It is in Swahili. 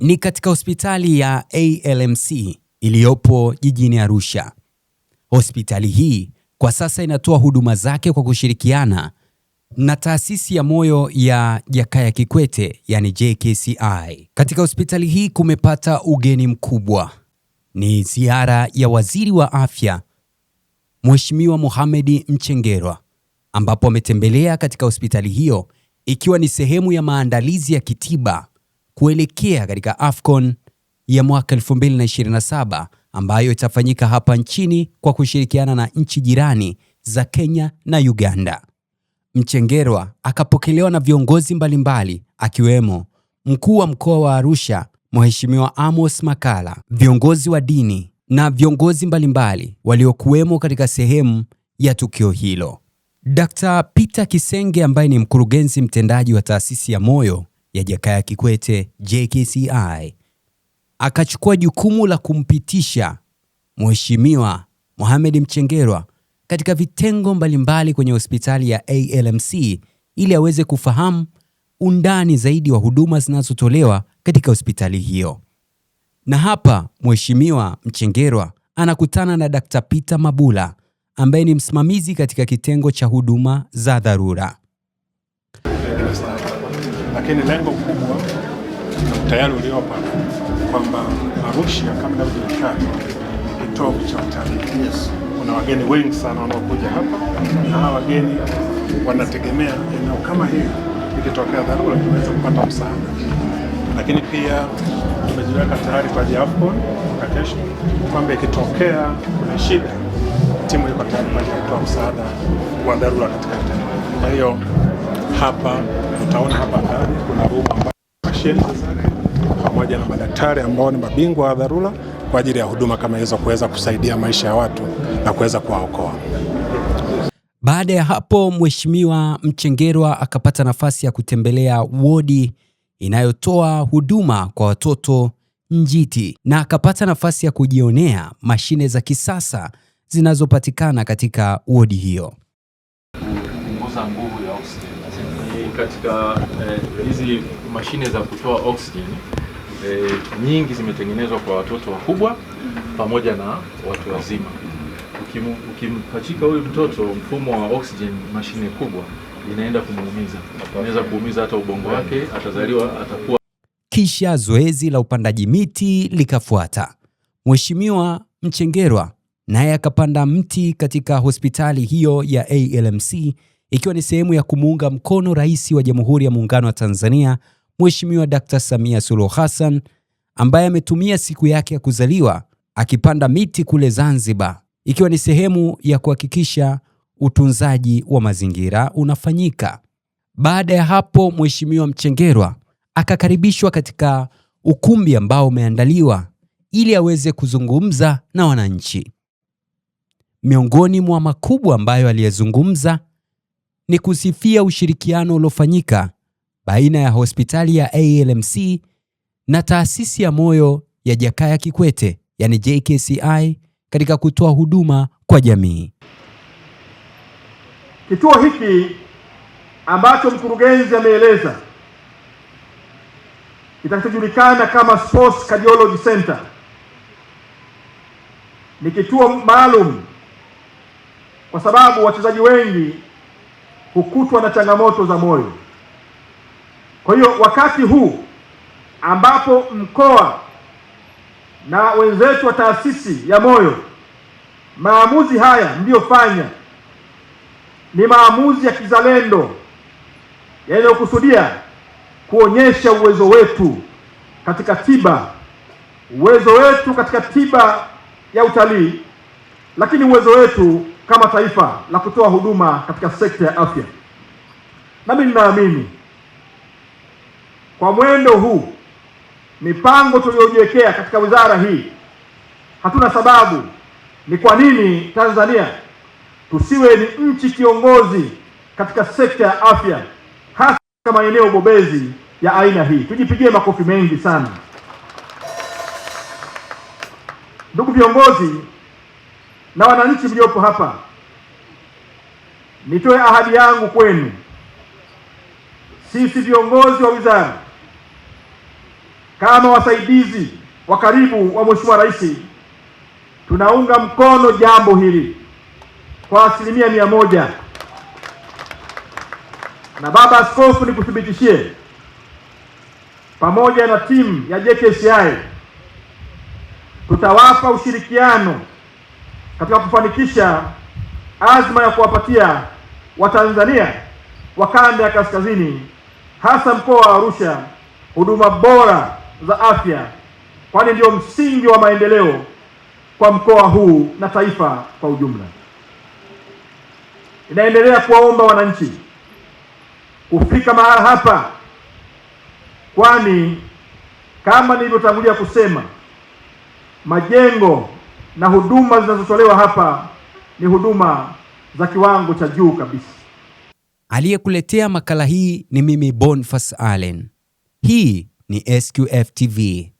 Ni katika hospitali ya ALMC iliyopo jijini Arusha. Hospitali hii kwa sasa inatoa huduma zake kwa kushirikiana na taasisi ya moyo ya Jakaya Kikwete yani JKCI. Katika hospitali hii kumepata ugeni mkubwa, ni ziara ya waziri wa afya Mheshimiwa Mohamed Mchengerwa, ambapo ametembelea katika hospitali hiyo ikiwa ni sehemu ya maandalizi ya kitiba kuelekea katika AFCON ya mwaka 2027 ambayo itafanyika hapa nchini kwa kushirikiana na nchi jirani za Kenya na Uganda. Mchengerwa akapokelewa na viongozi mbalimbali akiwemo mkuu wa mkoa wa Arusha Mheshimiwa Amos Makala, viongozi wa dini na viongozi mbalimbali waliokuwemo katika sehemu ya tukio hilo. Dkt. Peter Kisenge ambaye ni mkurugenzi mtendaji wa taasisi ya Moyo ya Jakaya Kikwete JKCI akachukua jukumu la kumpitisha Mheshimiwa Mohamed Mchengerwa katika vitengo mbalimbali kwenye hospitali ya ALMC ili aweze kufahamu undani zaidi wa huduma zinazotolewa katika hospitali hiyo. Na hapa Mheshimiwa Mchengerwa anakutana na Dr. Peter Mabula ambaye ni msimamizi katika kitengo cha huduma za dharura lakini lengo kubwa na utayari uliopa kwamba Arusha kama inavyojulikana kitovu cha utalii yes. Kuna wageni wengi sana wanaokuja hapa na hawa wageni wanategemea eneo kama hili, ikitokea dharura tunaweza kupata msaada. Lakini pia tumejiweka tayari kwa ajili ya AFCON mwaka kesho, kwamba ikitokea kuna shida, timu iko tayari kwa ajili ya kutoa msaada wa dharura katika taifa. Kwa hiyo hapa utaona hapa ndani kuna room ambayo mashine pamoja na madaktari ambao ni mabingwa wa dharura kwa ajili ya huduma kama hizo kuweza kusaidia maisha ya watu na kuweza kuwaokoa. Baada ya hapo, Mheshimiwa Mchengerwa akapata nafasi ya kutembelea wodi inayotoa huduma kwa watoto njiti na akapata nafasi ya kujionea mashine za kisasa zinazopatikana katika wodi hiyo ni katika eh, hizi eh, mashine za kutoa oxygen eh, nyingi zimetengenezwa kwa watoto wakubwa pamoja na watu wazima. Ukimpachika huyu mtoto mfumo wa oxygen, mashine kubwa inaenda kumuumiza, inaweza kuumiza hata ubongo wake, atazaliwa atakuwa. Kisha zoezi la upandaji miti likafuata. Mheshimiwa Mchengerwa naye akapanda mti katika hospitali hiyo ya ALMC ikiwa ni sehemu ya kumuunga mkono Rais wa Jamhuri ya Muungano wa Tanzania Mheshimiwa dkt Samia Suluhu Hassan ambaye ametumia siku yake ya kuzaliwa akipanda miti kule Zanzibar, ikiwa ni sehemu ya kuhakikisha utunzaji wa mazingira unafanyika. Baada ya hapo, Mheshimiwa Mchengerwa akakaribishwa katika ukumbi ambao umeandaliwa ili aweze kuzungumza na wananchi. Miongoni mwa makubwa ambayo aliyezungumza ni kusifia ushirikiano uliofanyika baina ya hospitali ya ALMC na taasisi ya moyo ya Jakaya Kikwete yani JKCI katika kutoa huduma kwa jamii. Kituo hiki ambacho mkurugenzi ameeleza kitakachojulikana kama Sports Cardiology Center ni kituo maalum kwa sababu wachezaji wengi hukutwa na changamoto za moyo. Kwa hiyo wakati huu ambapo mkoa na wenzetu wa taasisi ya moyo, maamuzi haya mliyofanya ni maamuzi ya kizalendo yanayokusudia kuonyesha uwezo wetu katika tiba, uwezo wetu katika tiba ya utalii, lakini uwezo wetu kama taifa la kutoa huduma katika sekta ya afya. Nami ninaamini kwa mwendo huu, mipango tuliyojiwekea katika wizara hii, hatuna sababu ni kwa nini Tanzania tusiwe ni nchi kiongozi katika sekta ya afya, hasa katika maeneo bobezi ya aina hii. Tujipigie makofi mengi sana, ndugu viongozi na wananchi mliopo hapa, nitoe ahadi yangu kwenu, sisi viongozi wa wizara kama wasaidizi wa karibu wa Mheshimiwa Rais tunaunga mkono jambo hili kwa asilimia mia moja, na Baba Askofu, nikuthibitishie pamoja na timu ya JKCI tutawapa ushirikiano katika kufanikisha azma ya kuwapatia Watanzania wa kanda ya kaskazini hasa mkoa wa Arusha huduma bora za afya, kwani ndio msingi wa maendeleo kwa mkoa huu na taifa kwa ujumla. Inaendelea kuwaomba wananchi kufika mahala hapa, kwani kama nilivyotangulia kusema majengo na huduma zinazotolewa hapa ni huduma za kiwango cha juu kabisa. Aliyekuletea makala hii ni mimi Bonfas Allen. Hii ni SQF TV.